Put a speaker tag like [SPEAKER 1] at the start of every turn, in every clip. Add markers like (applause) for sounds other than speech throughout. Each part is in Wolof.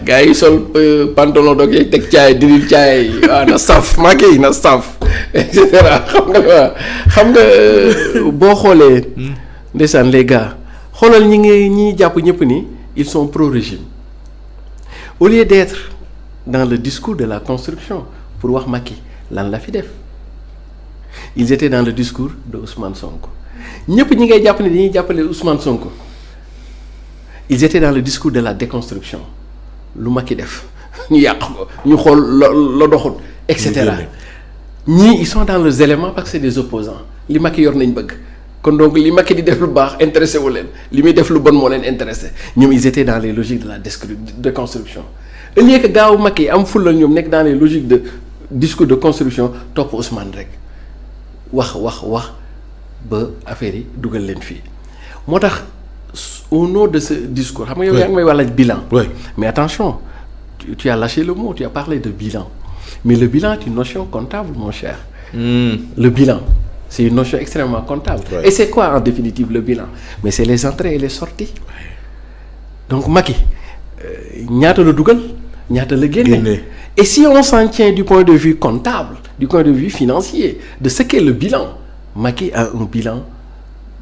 [SPEAKER 1] (laughs) gars yi sol euh, pantalon doog yeeg teg caay diril caay waaw na saf maqué yi na saf et xam nga euh, boo xoolee. ndeysaan les xoolal ñi ngi ñi jàpp ñëpp ni ils sont pro régime au lieu d'être dans le discours de la construction pour wax Macky lan la fi def ils étaient dans le discours de Ousmane Sonko ñëpp ñi ngay jàpp ne dañuy jàppale Ousmane Sonko. ils étaient dans le discours de la déconstruction lu ki def ñu yàq ko ñu xool la la doxut et cetera ñii ils sont dans leurs éléments parce que c'est des opposants li Macky yor nañ bëgg kon donc li Macky di def lu baax intéressé wu leen li muy def lu bon moo leen intéressé ñoom ils étaient dans les logiques de la déconstruction au lieu que gaaw Macky am fulal ñoom nekk dans les logiques de discours de construction topp Ousmane rek wax wax wax ba affaire yi dugal leen fii moo tax au nom de ce discours xam nga yow yaa ngi may wàllaj bilan mais attention tu, tu as lâché le mot tu as parlé de bilan mais le bilan est une notion comptable mon cher hmm. le bilan c'est une notion extrêmement comptable oui. et c'est quoi en définitive le bilan mais c'est les entrées et les sorties oui. donc Macky euh, ñaata la dugal ñaata la génne et si on s'en tient du point de vue comptable du point de vue financier de ce qu'est le bilan Macky a un bilan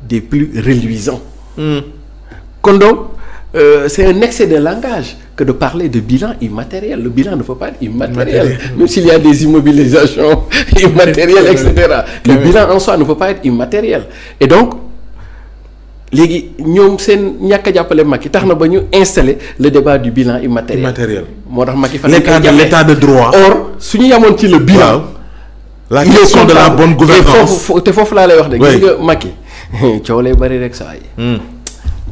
[SPEAKER 1] des plus reluisants mmh. kon donc euh, c'est un excès de langage que de parler de bilan immatériel le bilan ne faut pas être immatériel Matériel. même s'il y des immobilisations (laughs) immatérielles etc le bilan en soi ne faut pas être immatériel et donc léegi ñoom seen ñàkk jàppale jàppale Macky tax na ba ñu installer le débat du bilan immatériel immatériel moo tax Macky fa l'état de droit or su ñu yamoon ci le bilan la question de la bonne gouvernance te foofu laa lay wax de gis nga Macky (laughs) coow lay bari rek saa yi hmm.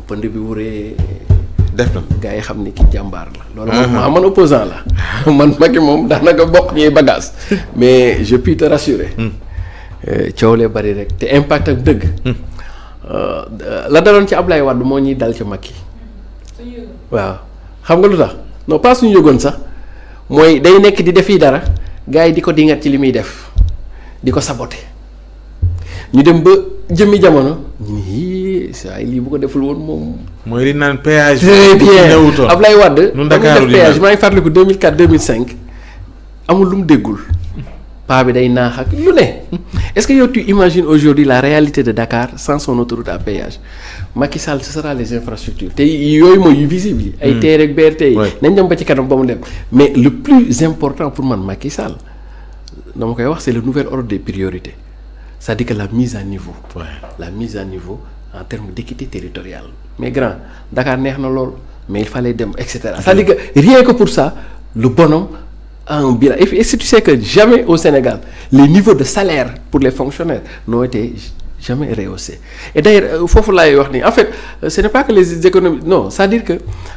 [SPEAKER 1] pënd bi wuree def na gars yi xam ne ki jàmbaar la loolu man maa man opposant la (laughs) man Macky moom nag bokk ñuy bagage mais je puis te rassurer hmm. euh, coow lee bari rek te impact ak dëgg hmm. euh, la daloon ci Ablaye Wade moo ñuy dal ci Macky waaw xam nga lu tax non pas suñu yëgoon sax mooy day nekk di def yi dara gars yi di ko dingat ci li muy def di ko sabote ñu dem ba jëmmi jamono ñu saa yi lii bu ko deful woon moom. mooy li naan péage. très bien Ablaye Wade. ñun Dakar li péage maa ngi fàttaliku 2004 amul lu mu déggul. paa bi day naax ak lu ne est-ce que yow tu imagines aujourd'hui la réalité de Dakar sans son autoroute à péage Macky sa ce sera les infrastructures te yooyu mooy yu visible yi. Hmm. ay TER ak BRT yi. nañ dem ba ci kanam ba mu dem. mais le plus important pour man Macky Sall dama koy wax c'est le nouvel ordre des priorités cest à la mise à niveau. Ouais. la en termes d'équité territoriale mais grand Dakar neex na loolu mais il fallait dem et cetera cest dire que rien que pour ça lu bonhomme a un bilan et que jamais au Sénégal les niveaux de salaire pour les fonctionnaires n'ont été jamais rehaussés et d'ailleurs euh, foofu laay wax nii en fait euh, ce n'est pas que les économies non cest dire que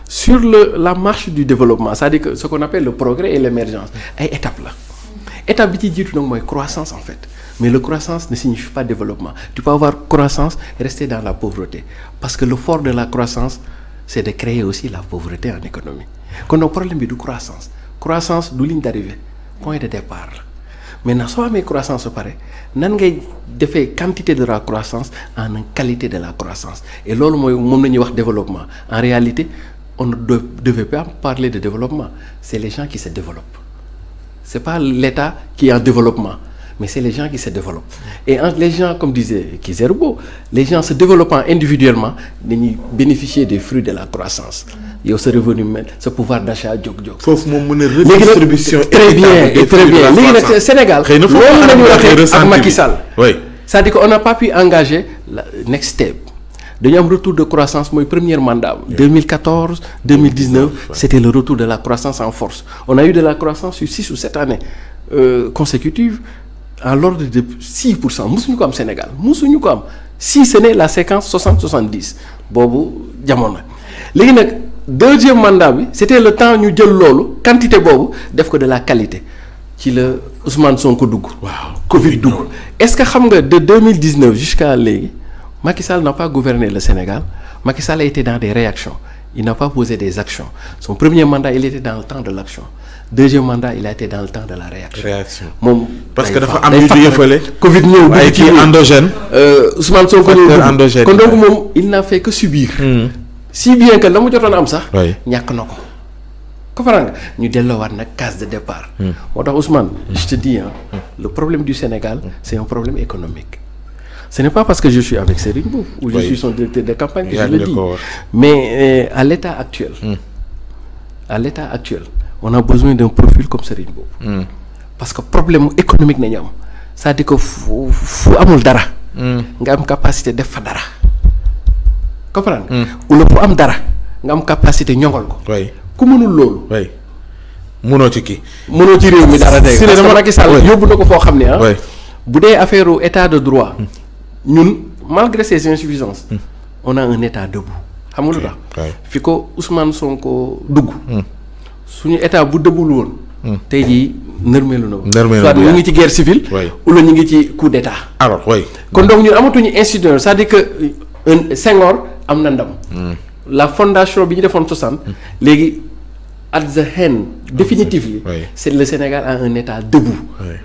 [SPEAKER 1] sur le la marche du développement c'est-à-dire que ce qu'on appelle le progrès et l'émergence ay étapes la état bi ci jiitu nag mooy croissance en fait mais le croissance ne signifie pas développement tu peux avoir croissance rester dans la pauvreté parce que le fort de la croissance c'est de créer aussi la pauvreté en économie kon nag problème bi du croissance croissance du ligne d'arrivée point de départ la maintenant soo amee croissance ba pare nan ngay defee quantité de la croissance en qualité de la croissance et loolu mooy moom la ñuy wax développement en réalité on ne devait pas parler de développement c'est les gens qui c'est pas l'État qui est en développement mais c'est les gens qui se développent et entre les gens comme disait Kizerbo les gens se développant individuellement dañuy bénéficier des fruits de la croissance yow sa revenu mel sa pouvoir d'achat jóg-jóg. foofu moom mën a redistribution très bien très bien léegi nag Sénégal loolu la ñu waxee ak Macky Sall c'est-à-dire que on n'a pas pu engager la next step dañu am retour de croissance mooy premier mandat 2014 2019 c'était le retour de la croissance en force on a eu de la croissance sur six ou sept années euh, consécutives à l'ordre de 6 pour cent musuñu ko am Sénégal musuñu ko am si ce la séquence 60 70 boobu jamono léegi nag deuxième mandat bi c'était le temps ñu jël loolu quantité boobu def ko de la qualité ci la Ousmane ko dugg. waaw Covid dugg est-ce que xam nga de 2019 jusqu'à léegi. Macky Sall n'a pas gouverné le Sénégal Macky Sall a été dans des réactions il n'a pas posé des actions son premier mandat il était dans le temps de l'action deuxième mandat il a été dans le temps de la réaction. moom parce que dafa am lu ñu yëfale Covid ñëw ay kii endogène. Euh, Ousmane Sonko ñëw kon donc moom il n'a fait que subir. Hmm. si bien que la mu jotoon am sax. ñàkk na ko. comprendre nga ñu delloowaat nag case de départ. Hmm. moo tax Ousmane. Hmm. je te le problème du Sénégal c'est un économique. ce n'est pas parce que je suis avec Serigne Boub ou je directeur de campagne que mais euh, à l'état actuel mm. à actuel on a besoin d'un profil comme Serigne boobu hmm. parce que problème économique nañu am c'est-à-dire fu fu amul dara hmm. nga am capacité def fa dara comprendre hmm. wala fu am dara nga am capacité ñongal ko ku mënul loolu mënoo ci kii. mënoo ci réew mi dara tey. parce que Macky Sall yóbbu na ko foo xam ni ah, bu dee affaire état de droit. ñun malgré ses insuffisances. on a un état debout. xam nga fi ko Ousmane Sonko dugg. Hmm. suñu état bu dëbbul woon. Hmm. tey jii lu na woon. soit ñu ngi ci guerre civile. wala ñu ngi ci coup d' kon donc ñun amatuñu institution c' di que euh, un am na ndam. Hmm. la fondation bi ñu defoon 60. léegi at the end. définitive li. c' est le Sénégal a un état debout.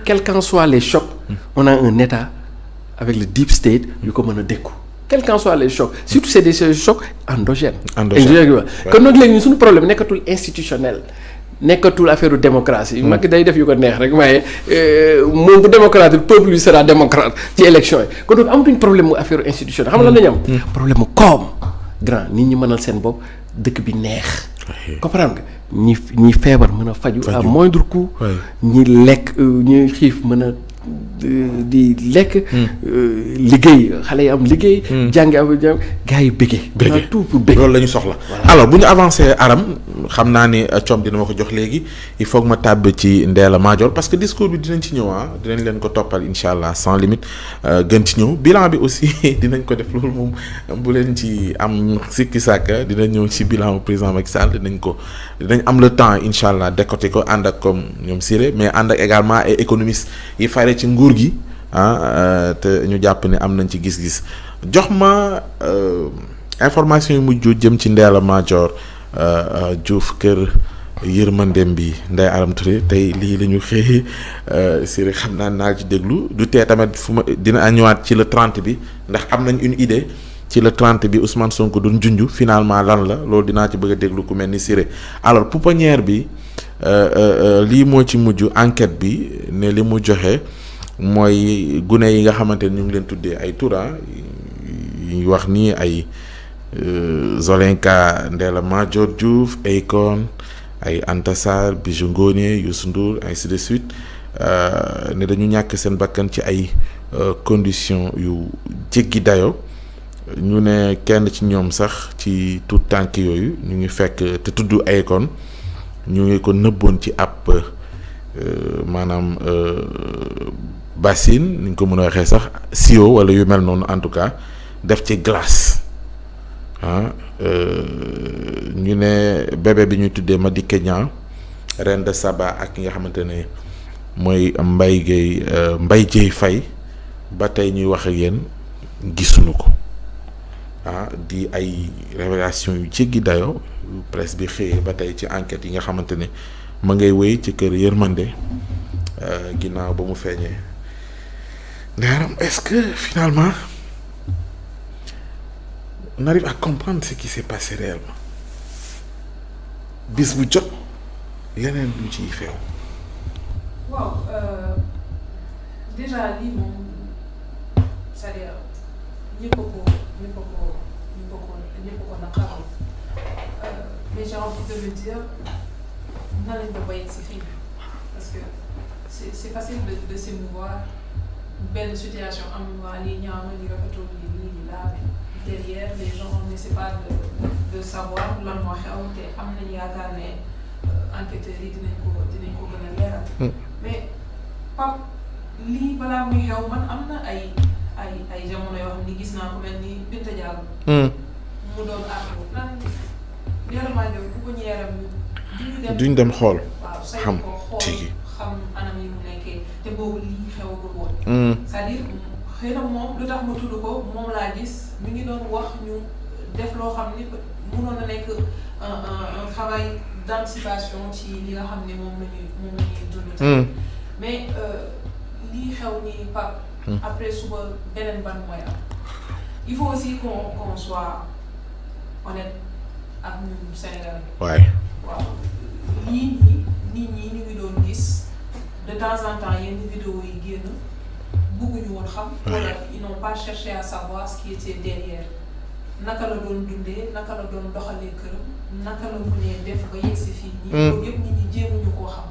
[SPEAKER 1] quel qu'en soit les chocs. on a un état. avec le deep state ñu ko mën a dékku quel qu'en soit les chocs surtout c'est des chocs endogènes. endogènes kon nag léegi suñu problème nekkatul institutionnel. nekkatul affaire démocratie. Macky day def yu ko neex rek waaye euh, moom bu démocrate peuple bi sera démocrate ci élection yi kon donc amatuñ problème mu affaire institutionnelle xam nga lan la ñu am. Mm. Mm. problème mu koom grand nit ñi mënal seen bopp dëkk bi neex. comprendre nga ñi feebar mën a faju à moindre coût. ñi lekk euh, ñi xiif mën a. di lekk. Hmm. Euh, liggéey xale yi am liggéey. Hmm. jàngi am jàng gars yi bëggee. bëggee tout loolu la ñu soxla. alors bu ñu avancé Aram
[SPEAKER 2] xam naa ni euh, coom dina ma ko jox léegi il faut ma tàbb ci Ndella Madior parce que discours bi dinañ ci ñëw ah dinañ leen ko toppal incha allah sans limite euh, gën ci ñëw bilan bi aussi (laughs) dinañ ko def loolu moom bu leen ci am sikki sàkka dinañ ñëw ci bilan bu président Macky Sall dinañ ko dinañ am le temps incha allah décoté ko ànd ak comme ñoom Siré mais ànd ak ci nguur gi ah euh, te ñu jàpp ni am nañ ci gis-gis jox ma euh, information yu mujj jëm ci Ndella Madior euh, Diouf kër yërmandem bi Ndeye Arame Touré tey lii la ñu xëy si rek xam naa naa ci déglu du tee tamit fu ma dina ñëwaat ci le 30 bi ndax am nañ une idée. ci le 30 bi Ousmane Sonko du junj finalement lan la loolu dinaa ci bëgg a déglu ku mel ni Siré alors pouponnière bi lii moo ci mujj enquête bi ne li mu joxe. mooy gune yi nga xamante ni ñu ngi leen tuddee ay turan yi wax nii ay euh, Zolinka Ndella Madior Diouf Akon ay Anta Sarr Bijou Ngoné Youssou Ndour ainsi de suite euh, ne dañu ñàkk seen bakkan ci ay euh, conditions yu jéggi dayo ñu ne kenn ci ñoom sax ci tout tànk yooyu ñu ngi fekk te tudd Akon ñu ngi ko nëbboon ci ab Euh, maanaam euh, bassine ni ñu ko mën a waxee sax sio wala yu mel noonu en tout cas def ci glace ah euh, ñu ne bébé bi ñuy tuddee ma Niang reine de Saba ak ki nga xamante ne mooy Mbaye Gueye mbay Dieye Faye ba tey ñuy wax ak yéen gisuñu ko ah di ay révélation yu jéggi dayoo presse bi xëyee ba tey ci enquête yi nga xamante ne ma ngay wéy ci kër yërmande euh, ginnaaw ba mu feeñee ndaaram est-ce que finalement on arrive à comprendre ce qui s'est passé réellement bis bu jot leneen lu ciy feew
[SPEAKER 3] parole. Euh, mais j'ai envie de le dire, nan lañ ko bàyyi si fii parce que c'est c'est de de s'émouvoir benn situation am waa lii ñaaw na lii rafetul lii lii lii laa mais derrière les gens n'essaient pas de de savoir lan moo xew te am nañ yaakaar ne euh, enquêteurs yi dinañ ko dinañ ko gën a leeral. Mm. mais Pape lii balaa muy man am na ay ay ay jamono yoo ni gis naa ko ni Binta Diallo. Mm. duñ dem xool xam tigi te boobu lii xewagul woon. c'est-à-dire xëy na moom lu tax ma tudd ko moom laa gis mi ngi doon wax ñu def loo xam ni mënoon na nekk un un un ci li nga xam ne moom la ñuy moom la ñuy dund. Hmm. mais euh, lii xew nii Pape. Hmm. après suba beneen ban mooy am. il faut aussi qu'on qu'on ak ñun Sénégal.
[SPEAKER 2] waay yii nii nit ñi ñu ngi doon gis
[SPEAKER 3] de temps en temps yenn vidéo yi génn bëgguñu woon xam. wala ils n'ont pas cherché à savoir ce derrière. naka la doon dundee naka la doon doxalee këram naka la mënee def ba yegg fii. ñi mm. loolu yëpp nit ñi jéemuñu koo xam.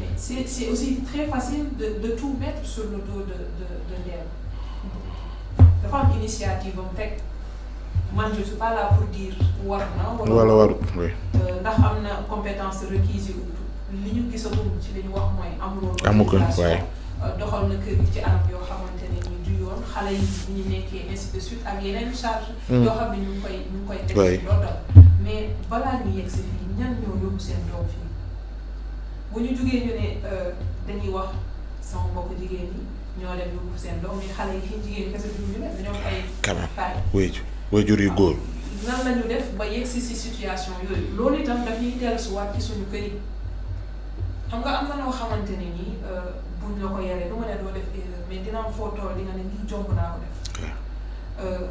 [SPEAKER 3] mais c'est c'est aussi très facile de de tout mettre sur le dos de de de Ndeer dafa am initiative am rek. man je suis pas là pour dire war wala warut oui. Euh, ndax am na compétence requise li ñu gisagum ci li ñu wax mooy amuloo. amu ko waaye euh, doxal na kër gi ci anam yoo xamante ne xale yi ñu nekkee ainsi de suite ak yeneen charge hmm. yoo xam ne ñu koy ñu koy. teg loolu mais balaa ñu yegg si fii ñan ñoo yóbbu seen doom fii bu ñu jugee ñu euh, wax sama mbokk jigéen ñi ñoo dem yóbbu seen
[SPEAKER 2] waajur yu góor.
[SPEAKER 3] nan la def ba yegg si si situation yooyu loolu itam daf ñuy dellusiwaat ci suñu kër yi nga am na loo xamante ne nii euh, buñ la ko yaree du ma ne doo def erreur mais dina foo tool di nga ne nii jomb naa ko def. Euh,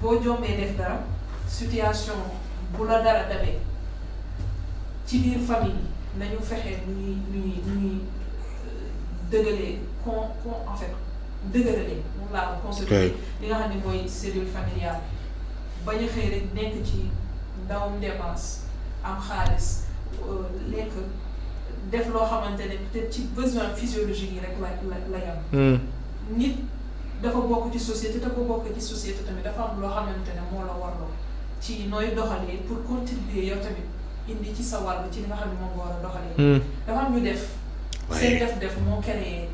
[SPEAKER 3] boo jombee def dara situation bu la dara dabee ci biir famille nañu fexe nu ñuy nu ñuy nu euh, con con en fait dëgëralee laa ko consolider li nga xam ne mooy cellule familiale. bañ a xëy rek nekk ci ndawum dépense am xaalis euh, lekk def loo xamante ne peut ci besoin physiologique yi rek la la la yam hmm. nit dafa bokk ci société te bokk ci société tamit dafa am loo xamante ne moo la warloo ci nooy doxalee pour contribuer yow tamit indi ci sa wàll ci li nga xam ne moom nga war a doxalee. Hmm. dafa am ñu def. seen def-def moo créé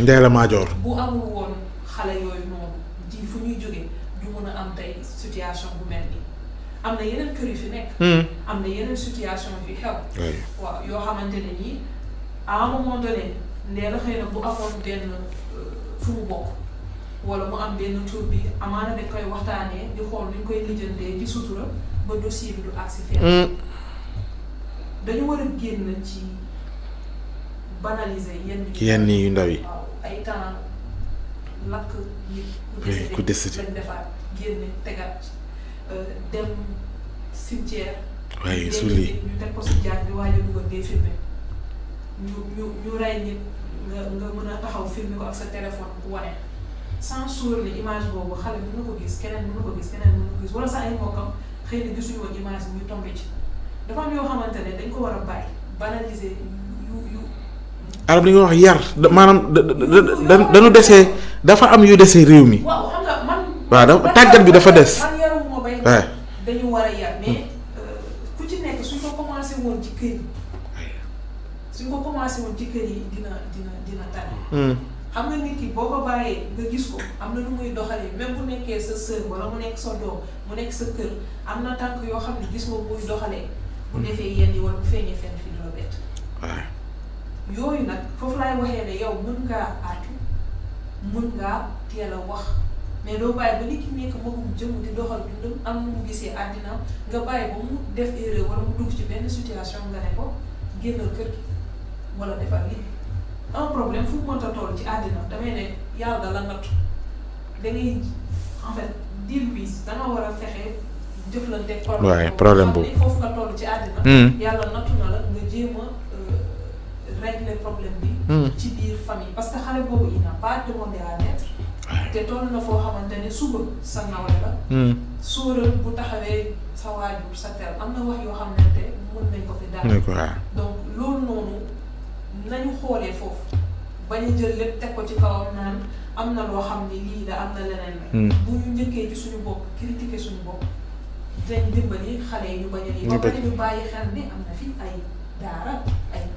[SPEAKER 3] Ndeela Madior. bu amul woon xale yooyu noonu ji fu ñuy jógee. ñu mën a am tey situation bu mel nii am na yeneen kër yu fi nekk. Hmm. am na yeneen situation yu xew. waaw yoo xamante ne nii à un moment ndee la xëy na bu amoon benn euh, fu mu bokk wala mu am benn tur bi amaana dañ koy waxtaanee di xool ni ñu koy lijjantee ci sutura ba dossier bi du agsi hmm. dañu war a génn ci banaliser yenn. yenn yu ndaw yi lakk nit ku décédé dañ defaat génne tegaat euh, dem cimetière waaye suuli ñu teg ko si jaar nga mën a taxaw filmé ko ak sa téléphone bu wane sans suur ni image boobu xale mën na ko gis keneen mën na ko gis keneen mën na ko gis wala sax ay mbokkam xëy na gisuñu woon image bi ñu tombé ci dafa am yoo xamante ne dañ ko war a bàyyi banaliser yu yu
[SPEAKER 2] arab li nga wax yar maanaam da da da dañu desee dafa am yu dese réew mi.
[SPEAKER 3] waaw xam nga man.
[SPEAKER 2] waaw da tàggat bi dafa des. man
[SPEAKER 3] yaruma bay dañu war a yar mais euh, ku ci nekk suñ ko commencé woon ci kër yi suñ ko commencé woon ci kër yi dina dina dina tane. Hmm. xam nga nit ki boo ko bàyyee nga gis ko am na lu muy doxalee même bu nekkee sa sœur wala mu nekk sa doom mu nekk sa kër am na tànk yoo xam ne gis nga muy doxalee. bu defee yenn yi wala feeñee fenn fi du bett. waaw yooyu nag foofu laay waxee ne yow mën ngaa aatu. mun ngaa teel wax mais doo bàyyi ba nit ki nekk magum jëmm di doxal dundam am mu gisee àddinaam nga bàyyi ba mu def erreur wala mu dugg ci benn situation nga ne ko génnal kër gi wala defal lii un problème fu mu mënta toll ci àddina damay ne yàlla da la nattu da ngay en fait deal with da war a fexe jëflante. waaye problème boobu foofu nga toll ci àddina. Hmm. yàlla régler problème bi. Hmm. ci biir famille parce que xale boobu il n'a pas demandé à te toll na foo xamante ne suba sa nawle la. Hmm. suural bu taxawee sa waajur sa ter am na wax yoo xamante mën nañ ko fi daal. donc loolu noonu nañu xoolee foofu bañ a jël lépp teg ko ci kawam naan am na loo xam ne lii la am na leneen la. Hmm. bu ñu njëkkee ci suñu bopp critiquer suñu bopp dinañ dimbali xale yi ñu bañ a lii. ba ñu bàyyi xel ni am na fi ay daara ay.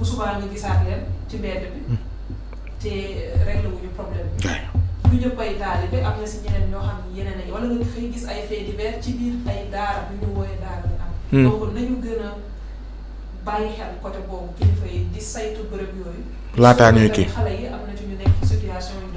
[SPEAKER 3] bu subaa ñu gisaat leen ci mbedd bi hmm. te euh, réglé wuñu problème bi ñu ñëppay taalibe am na si ñeneen ñoo xam ne yeneen lañu wala nga fay gis ay faits divers ci biir ay daara bu ñu wooyee daara la am hmm. donc nañu gën a bàyyi xel côté boobu kilifa di saytu bërëb yooyu laataan ñuy kii xale am na ñu nekk situation